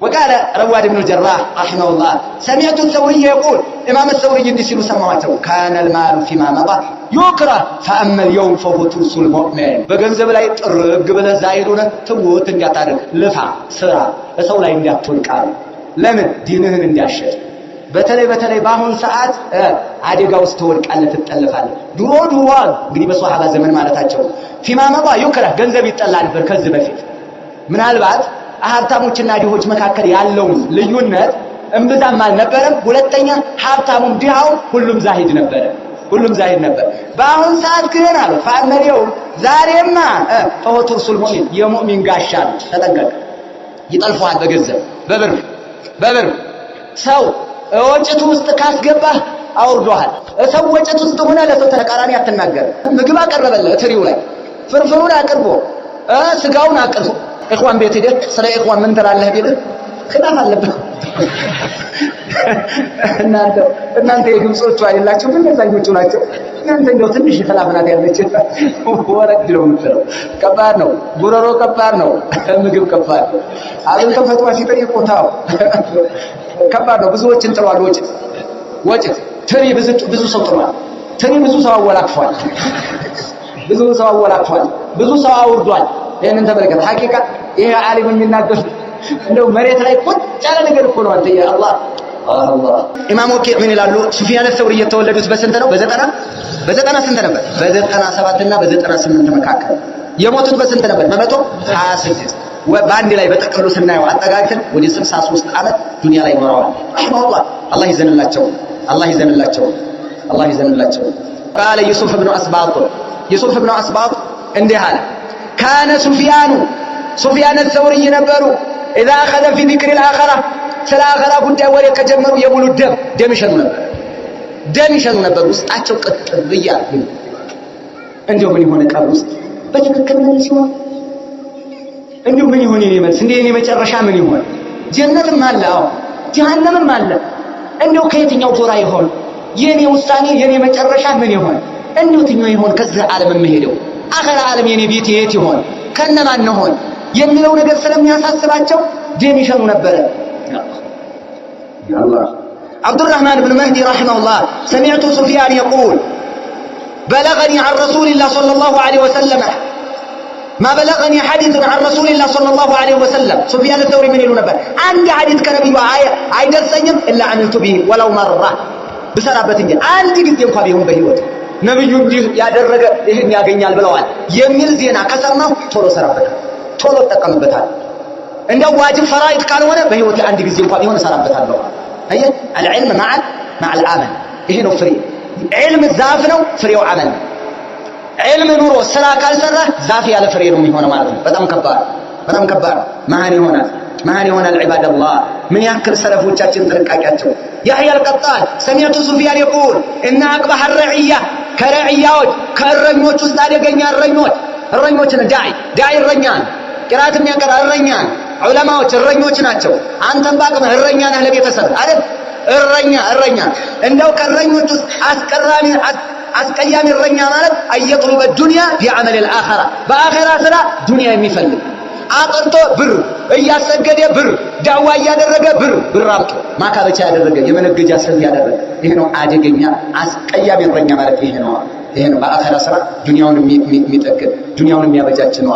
وقال رواد بن الجراح رحمه الله سمعت الثوري يقول إمام الثوري اللي سيلو سمعته كان المال فيما مضى يكره فأما اليوم فهو ترس المؤمن بقنزب لا يترق قبل زائرون تموت انقطار لفع سرع ሰው ላይ እንዲያትወልቃሉ ለምን ዲንህን እንዲያሸጥ በተለይ በተለይ በአሁን ሰዓት አደጋ ውስጥ ተወልቃለህ፣ ትጠለፋለህ። ድሮ ድሮ እንግዲህ በሰሃባ ዘመን ማለታቸው ፊማ መባ ዩክረህ ገንዘብ ይጠላ ነበር። ከዚህ በፊት ምናልባት ሀብታሞችና ድሆች መካከል ያለው ልዩነት እምብዛም አልነበረም። ሁለተኛ ሀብታሙም ድሃውም ሁሉም ዛሂድ ነበረ፣ ሁሉም ዛሂድ ነበር። በአሁን ሰዓት ግን አሉ ፋመሪው ዛሬማ ፈወቱ ርሱል ሙእሚን የሙእሚን ጋሻ ነው። ተጠንቀቅ፣ ይጠልፈዋል በገንዘብ በብር በብር ሰው ወጭቱ ውስጥ ካስገባህ አውርዶሃል። ሰው ወጭቱ ውስጥ ሆነ ለሰው ተቃራኒ አትናገር። ምግብ አቀረበለ ትሪው ላይ ፍርፍሩን አቅርቦ ስጋውን አቅርቦ እኽዋን ቤት ሂደህ ስለ እኽዋን ምን ትላለህ ቢልህ ኺላፍ አለብህ። እናንተ እናንተ የግብጾቹ አይደላችሁም? እነዛኞቹ ናቸው። እናንተ እንደው ትንሽ ኺላፍ ናት ያለች ወረድ ነው የምትለው። ከባድ ነው፣ ጉሮሮ ከባድ ነው፣ ምግብ ከባድ አግኝተው ፈትዋ ሲጠይቁ ከባድ ነው። ብዙዎችን ጥሏል። ወጭት ወጭት ትሪ ብዙ ሰው ጥሏል። ትሪ ብዙ ሰው አወላክፏል። ብዙ ሰው አወላክፏል። ብዙ ሰው አውርዷል። ይህንን ተመለከተ ሐቂቃ ይሄ ዓሊም የሚናገሩት እንደው መሬት ላይ ቁጭ ያለ ነገር እኮ ነው። አንተ ያ አላህ ኢማም ወቂ ምን ይላሉ? ሱፊያን ሰውሪ የተወለዱት በስንት ነው? በዘጠና በዘጠና ስንት ነበር? በዘጠና ሰባት እና በዘጠና ስምንት መካከል የሞቱት በስንት ነበር? በመቶ ሀያ ስድስት በአንድ ላይ በጠቅሉ ስናየው አጠጋግተን ወደ ስልሳ ሦስት ዓመት ዱንያ ላይ ኖረዋል። ረሂመሁላህ አላህ ይዘንላቸው፣ አላህ ይዘንላቸው፣ አላህ ይዘንላቸው። ቃለ ዩሱፍ ብኑ ዩሱፍ ብኑ እንዲህ አለ ካነ ሱፊያኑ ሱፊያን ሰውርይ ነበሩ። ኢዛ አኸዘ ፊ ዚክር ልአኸራ ስለ አኸራ ጉዳይ ወሬ ከጀመሩ የሙሉ ደም ደም ይሸኑ ነበር፣ ደም ይሸኑ ነበር። ውስጣቸው ቅጥብ እያሉ እንዲሁ ምን የሆነ ቀብር ውስጥ በትክክል መልስ ይሆን? እንዲሁ ምን ይሆን የኔ መልስ? እንዲህ የኔ መጨረሻ ምን ይሆን? ጀነትም አለ፣ አዎ ጀሃነምም አለ። እንዲሁ ከየትኛው ጎራ ይሆን የኔ ውሳኔ? የኔ መጨረሻ ምን ይሆን? እንዲሁ ትኛው ይሆን ከዚህ ዓለም የምሄደው? አኸራ ዓለም የኔ ቤት የት ይሆን? ከነማን ነው ሆን የሚለው ነገር ስለሚያሳስባቸው ደም ይሸኑ ነበረ። عبد الرحمن بن يا رحمه الله سمعت سفيان يقول بلغني عن رسول الله يا الله عليه وسلم ما بلغني حديث عن رسول الله صلى الله عليه وسلم سفيان الثوري من يلو نبر عندي حديث كنبي وآية عيد السنين إلا عملت به ولو مرة بسرابة እንጂ አንድ ጊዜ እንኳ ቢሆን በህይወት ነብዩ እንዲህ ያደረገ ይህን ያገኛል ብለዋል የሚል ዜና ከሰማሁ ቶሎ ሰራበታል ቶሎ እጠቀምበታል። እንደው ዋጅብ ፈራኢድ ካልሆነ በህይወቴ አንድ ጊዜ እንኳን ቢሆን እሰራበታለሁ። አየህ አልዕልም ማዕል ማዕል አመል ይሄ ነው ፍሬ። ዕልም ዛፍ ነው፣ ፍሬው አመል ነው። ዕልም ኑሮ ስራ ካልሰራ ዛፍ ያለ ፍሬ ነው የሚሆነው ማለት ነው። በጣም ከባድ በጣም ከባድ መሀን ይሆናል መሀን ይሆናል። ዒባደላህ ምን ያክል ሰለፎቻችን ጥንቃቄያቸው። ያህያ አልቀጣን ሰሚዕቱ ሱፊያን የቁል እና አቅባህ ረዕያ ከረዕያዎች ከእረኞች ውስጥ አደገኛ እረኞች እረኞችን ዳይ ዳይ እረኛን ቅራት የሚያቀር እረኛ ዑለማዎች እረኞች ናቸው። አንተም በአቅምህ እረኛ ነህ ለቤተሰብ አይደል? እረኛ እረኛ እንደው ከእረኞች ውስጥ አስቀራሚ አስቀያሚ እረኛ ማለት አየጥሉበ ዱንያ ቢዐመል አልአኺራ በአኺራ ስራ ዱንያ የሚፈልግ አጥርቶ ብር እያሰገደ ብር ዳዋ እያደረገ ብር ብር አምጦ ማካበቻ ያደረገ የመነገጃ ስልት ያደረገ ይሄ ነው አደገኛ አስቀያሚ እረኛ ማለት ይሄ ነው። ይሄ ነው በአኺራ ስራ ዱንያውን የሚጠቅም ዱንያውን የሚያበጃጭ ነው።